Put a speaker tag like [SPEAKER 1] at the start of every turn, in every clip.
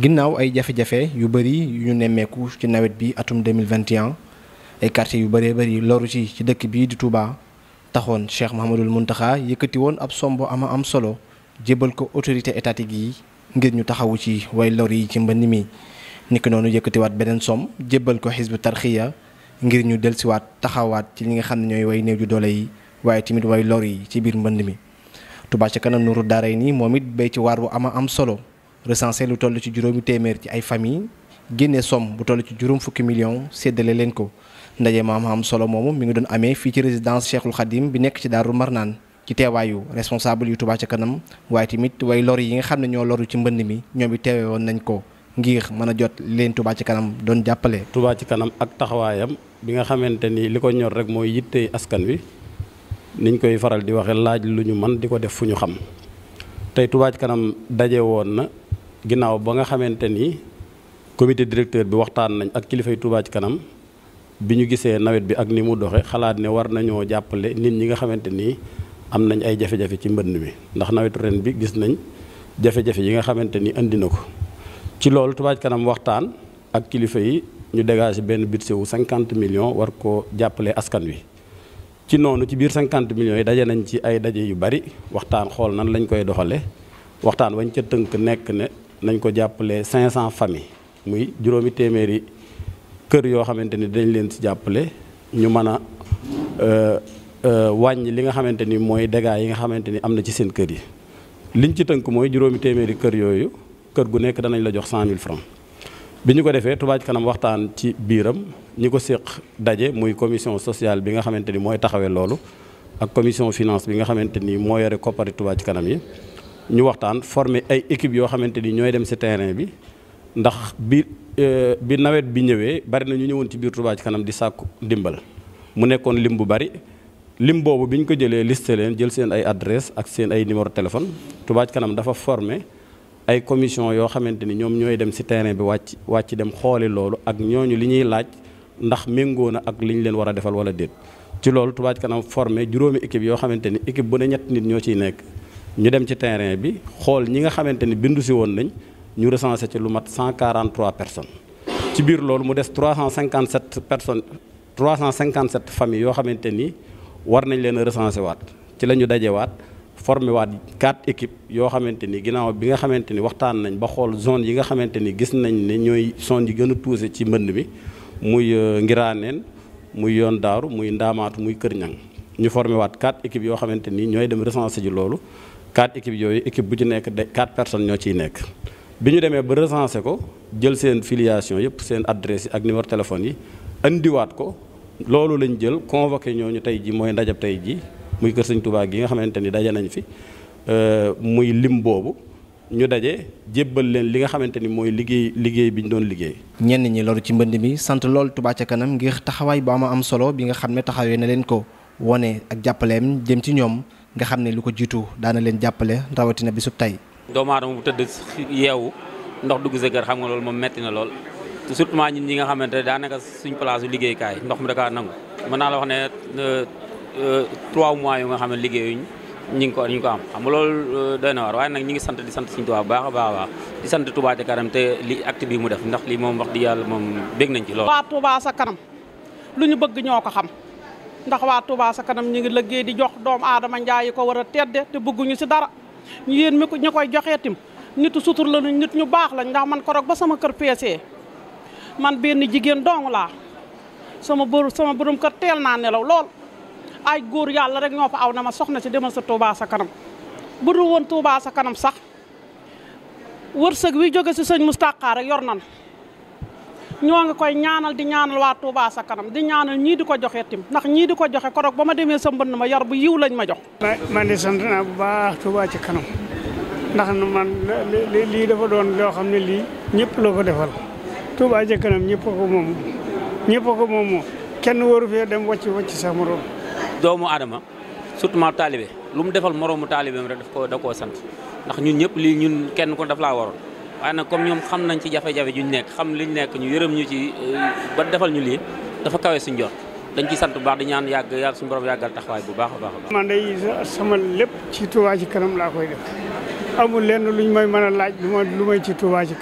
[SPEAKER 1] ginnaaw ay jafe-jafe yu bëri yu ñu nemmeeku ci nawet bi atum 2021 ay quartier yu bëree bëri loru ci ci dëkk bii di Touba taxoon Cheikh Mouhamadul Mountakha yëkkati woon ab somb ama am solo jébal ko autorité étatique yi ngir ñu taxawu ci way loru yi ci mbënd mi niki noonu yëkkatiwaat beneen somm jébbal ko xisbu tarxiya ngir ñu delsiwaat taxawaat ci li nga xam ne ñooy way néew ju doole yi waaye tamit way lor yi ci biir mbënd mi Touba ca kanam Nourou Daarayni moom it bay ci waar bu ama am solo recensé lu toll ci juróomi téeméer ci ay famille génne somme bu toll ci juróom fukki million séddale leen ko ndaje maam am solo moomu mu ngi doon amee fii ci résidence Cheikhul Khadim bi nekk ci Daaru naan ci teewaayu responsable yu Touba ca kanam waaye tamit way lor yi nga xam ne ñoo loru ci mbënd mi ñoom it teewee woon nañ ko ngir mën a jot leen Touba ci kanam doon jàppale.
[SPEAKER 2] Touba ci kanam ak taxawaayam bi nga xamante ni li ko ñor rek mooy yittey askan wi niñ koy faral di waxe laaj lu ñu man di ko def fu ñu xam ginnaaw ba nga xamante ni comité directeur bi waxtaan nañ ak kilifay Touba ci kanam bi ñu gisee nawet bi ak ni mu doxe xalaat ne war nañoo jàppale nit ñi nga xamante ni am nañ ay jafe-jafe ci mbënd mi ndax nawetu ren bi gis nañ jafe-jafe yi nga xamante ni andi na ko ci loolu Touba kanam waxtaan ak kilifa yi ñu dégagé benn budget wu 50 millions war ko jàppale askan wi ci noonu ci biir 50 million yi daje nañ ci ay daje yu bari waxtaan xool nan lañ koy doxale waxtaan wañ ca tënk nekk ne nañ ko jàppale 500 familles muy juróomi téeméeri kër yoo xamante ni dañ leen ci jàppale ñu mën a euh, euh, wàññi li nga xamante ni mooy dégâts yi nga xamante ni am na ci seen kër yi. liñ ci tënk mooy juróomi téeméeri kër yooyu kër gu nekk danañ la jox cent mille francs bi ñu ko defee tubaaj Kanam waxtaan ci biiram ñi ko séq daje muy commission sociale bi nga xamante ni mooy taxawee loolu ak commission finance bi nga xamante ni moo yore koppari Touba Ca Kanam yi. ñu waxtaan former ay équipe yoo xamante ni ñooy dem ci terrain bi ndax bi euh, bi nawet bi ñëwee bari na ñu ñëwoon ci biir Touba kanam di sàkku ndimbal mu nekkoon lim bu bari lim boobu bi ñu ko jëlee listé leen jël seen ay adresse ak seen ay numéro téléphone tubaaj kanam dafa formé ay commission yoo xamante ni ñoom ñooy dem ci terrain bi wàcc wàcc dem xooli loolu ak ñooñu li ñuy laaj ndax méngoo na ak li ñu leen war a defal wala déet ci loolu Touba ci kanam formé juróomi équipe yoo xamante ni équipe bu ne ñett nit ñoo ciy nekk ñu dem ci terrain bi xool ñi nga xamante ni bindu si woon nañ ñu recensé ci lu mat 143 personnes ci biir loolu mu des 357 personnes 357 familles yoo xamante ni war nañ leen a recensé waat ci la ñu waat formé waat quatre équipes yoo xamante ni ginnaaw bi nga xamante ni waxtaan nañ ba xool zone yi nga xamante ni gis nañ ne ñooy zone yi gën a touché ci mbënd mi muy euh, Ngiraaneen muy yoon daaru muy Ndaamaatu muy Kër Ñang ñu formé waat quatre équipes yoo xamante ni ñooy dem recensé ji loolu quatre équipes yooyu équipe bu ci nekk de quatre personnes ñoo ciy nekk bi ñu demee ba recensé ko jël seen filiation yëpp seen adresse yi ak numéro téléphone yi indiwaat ko loolu lañ jël convoqué ñooñu tey ji mooy ndajab tey ji muy kër sëñ Touba gi nga xamante ni daje nañ fi euh, muy lim boobu ñu daje jébbal leen li nga xamante ni mooy liggéey liggéey bi ñu doon liggéey.
[SPEAKER 1] ñenn ñi loru ci mbënd mi sant lool Touba ca kanam ngir taxawaay bu ama am solo bi nga xam ne taxawee na leen ko wone ak jàppaleem jëm ci ñoom. nga xam ne lu ko jiitu daana leen jàppale rawatina bisub tey.
[SPEAKER 3] doomu aadama bu tëdd yeewu ndox dugg sa kër xam nga loolu moom metti na lool surtout ñun ñi nga xamante ne daanaka suñ place su liggéeykaay ndox mi dakaa nangu. mën naa la wax ne euh, trois mois yu nga xam ne liggéeyuñ ñi ngi ko ñu ko am xam nga loolu euh, doy na waar waaye nag ñi ngi sant di sant suñu Tuubaa baax a baax a baax di sant Tuubaa ca kanam te li acte mu def ndax lii moom wax di yàlla moom bég nañ ci lool. waa Tuubaa sa kanam lu ñu bëgg ñoo ko xam. ndax waa Touba sa kanam ñu ngi liggéey di jox doomu aadama
[SPEAKER 2] njaay yi ko war a tedde te bëgguñu si dara ñu yéen mi ñu koy joxee tim nit sutur la nit ñu baax lañ ndax man korog ba sama kër peesee man benn jigéen doomu laa sama bër sama borom kër teel naa nelaw lool ay góor yàlla rek ñoo fa aw na ma soxna si demal sa Touba sa kanam bu dul woon Touba sa kanam sax wërsëg wi jóge si sëñ Moustapha rek yor na ñoo ngi koy ñaanal di ñaanal waa Touba sa kanam di ñaanal ñii di ko joxe tim ndax ñii di ko joxe korog ba ma demee sa mbënd ma yar bu yiw lañ ma jox. man di sant naa bu
[SPEAKER 3] baax Touba ci kanam ndax man lii dafa doon loo xam ne lii ñëpp loo ko defal Touba ci kanam ñëpp ko moom ñëpp ko moom kenn waru fee dem wàcc wàcc sax moroom. doomu Adama surtout ma taalibe lu mu defal moroomu taalibeem rek daf ko da koo sant ndax ñun ñëpp lii ñun kenn ko daf laa waroon. waaye nag comme ñoom xam nañ ci jafe-jafe juñ nekk xam liñ nekk ñu yërëm ñu ci euh, ba defal ñu lii dafa kawe suñ jot dañ ciy sant bu baax di ñaan yàgg yàlla suñu borom yàggal taxawaay bu baax a baax a baax. man day sama lépp ci Touba kanam laa koy def amul lenn luñ may mën a laaj lu ma lu may ci Touba ci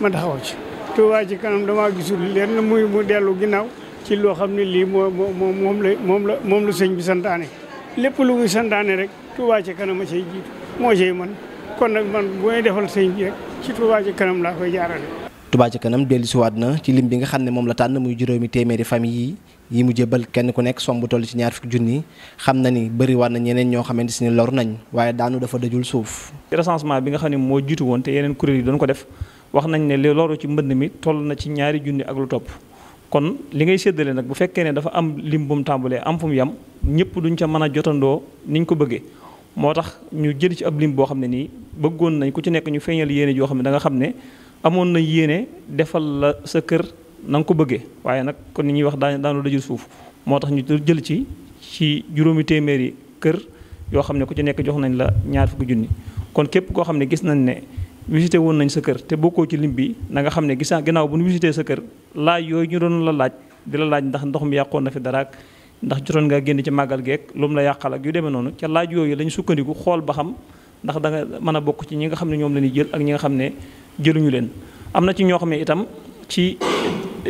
[SPEAKER 3] ma taxaw ci. Touba kanam damaa gisul lenn muy mu dellu ginnaaw ci loo xam ne lii moo moo moom la moom la moom la sëñ bi santaane lépp lu muy santaane rek Touba ci kanam a ciy jiitu moo cay man kon nag man bu may defal sëñ bi rek. ci Touba ci kanam laa koy jaarale.
[SPEAKER 1] Touba ci kanam dellusiwaat na ci lim bi nga xam ne moom la tànn muy juróomi téeméeri famille yi yi mu jébal kenn ku nekk somb toll ci ñaar fukki junni xam na ni bëriwaat na ñeneen ñoo xamante si ne lor nañ waaye daanu dafa dajul suuf.
[SPEAKER 3] recensement bi nga xam ne moo jiitu woon te yeneen kuréel yi doon ko def wax nañ ne li loru ci mbënn mi toll na ci ñaari junni ak lu topp kon li ngay séddale nag bu fekkee ne dafa am lim bu mu tàmbalee am fu mu yem ñëpp duñ ca mën a jotandoo ni ñu ko bëggee. moo tax ñu jël ci ab lim boo xam ne nii bëggoon nañ ku ci nekk ñu feeñal yéene joo xam ne danga xam ne amoon nañ yéene defal la sa kër na nga ko bëggee waaye nag kon ni ñuy wax daan daanu dajul suuf moo tax ñu jël ci ci juróomi téeméeri kër yoo xam ne ku ci nekk jox nañ la ñaar fukk junni kon képp koo xam ne gis nañ ne visité woon nañ sa kër te bokkoo ci lim bi na nga xam ne gis ginnaaw bu nu visité sa kër laaj yooyu ñu doon la laaj di la laaj ndax ndox mi yàqoon na fi daraak ndax jotoon nga génn ci màggal geek lu mu la yàqal ak yu demee noonu ca laaj yooyu lañ sukkandiku xool ba xam ndax danga nga mën a bokk ci ñi nga xam ne ñoom la ñuy jël ak ñi nga xam ne jëluñu leen am na ci ñoo xam ne itam ci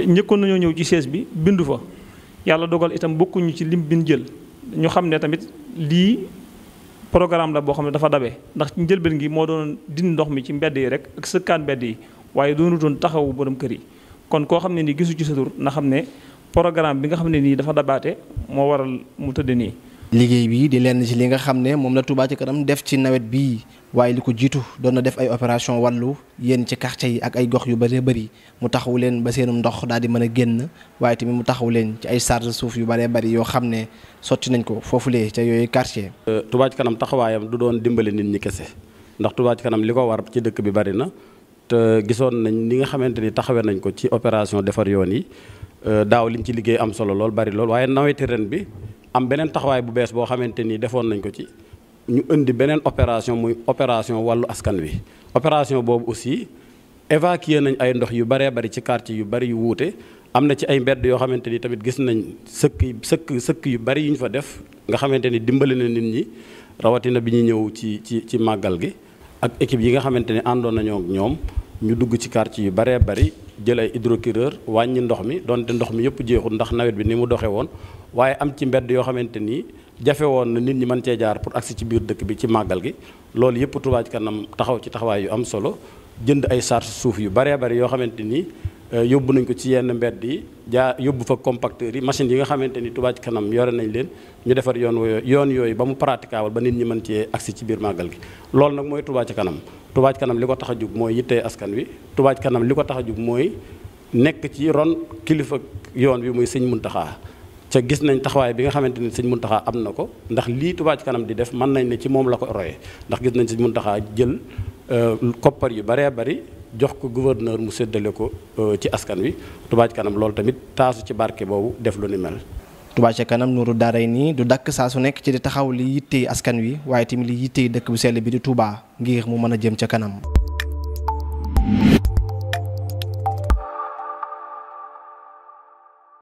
[SPEAKER 3] njëkkoon nañoo ñëw ci sees bi bindu fa yàlla dogal itam bokkuñu ci lim bin jël ñu xam ne tamit lii programme la boo xam ne dafa dabe ndax njëlbeen gi moo doon dindi ndox mi ci mbedd yi rek ak sëkkaan mbedd yi waaye doonu doon taxawu borom kër yi kon koo xam ne ni gisu ci sa tur na xam ne programme bi nga xam ne nii dafa dabaate moo waral mu tëdd nii.
[SPEAKER 1] liggéey bi di lenn ci li nga xam ne moom la Touba kanam def ci nawet bii waaye li ko jiitu doon na def ay opération wàllu yéen ci quartier yi ak ay gox yu bëree bëri mu taxawu leen ba seenum ndox daal di mën a génn waaye tamit mu taxawu leen ci ay charge suuf yu bëree bari yoo xam ne sotti nañ ko foofu lee ca yooyu quartier.
[SPEAKER 2] Euh, Touba kanam taxawaayam du doon dimbali nit ñi kese ndax Touba kanam li ko war ci dëkk bi bëri na te gisoon nañ li nga xamante ni taxawee nañ ko ci opération defar yoon yi. Euh, daaw liñ ci liggéey am solo lool bari lool waaye nawetu ren bi am beneen taxawaay bu bees boo xamante ni defoon nañ ko ci ñu indi beneen opération muy opération wàllu askan wi opération boobu aussi évacuer nañ ay ndox yu baree bari ci quartier yu bari yu wuute am na ci ay mbedd yoo xamante ni tamit gis nañ sëkk sëkk sëkk yu bari yu ñu fa def nga xamante ni dimbali na nit ñi rawatina bi ñu ñëw ci ci ci màggal gi ak équipe yi nga xamante ni àndoon nañoo ñoom ñu dugg ci quartier yu baree bari jël ay hydrocureur wàññi ndox mi donte ndox mi yëpp jeexul ndax nawet bi ni mu doxee woon waaye am ci mbedd yoo xamante ni jafe woon na nit ñi mën cee jaar pour agsi ci biir dëkk bi ci màggal gi loolu yëpp Touba Kanam taxaw ci taxawaay yu am solo jënd ay charge suuf yu baree bari yoo xamante nii Euh, yóbbu nañ ko ci yenn mbedd yi jaa yóbbu fa compacteurs yi machine yi nga xamante ni tubaaj ci kanam yore nañ leen ñu defar yoon yoon yooyu ba mu praticable ba nit ñi mën cee agsi ci biir màggal gi loolu nag mooy Touba kanam Touba ci kanam li ko tax a jug mooy yittee askan wi Touba kanam li ko tax a jug mooy nekk ci ron kilifa yoon wi muy sëñ mun taxaa ca gis nañ taxawaay bi nga xamante ni sëñ mun taxaa am na ko ndax lii Touba kanam di def mën nañ ne ci moom la ko royee ndax gis nañ sëñ Muntaxa jël euh, koppar yu baree bari jox ko gouverneur mu séddale ko euh, ci askan wi tubaaj Kanam loolu tamit taasu ci barke boobu def lu ni mel.
[SPEAKER 1] Touba Ca Kanam nuuru daaray nii du dakk saa su nekk ci di taxaw li yittey askan wi waaye tamit li yittey dëkk bu sell bi di Touba ngir mu mën a jëm ca kanam.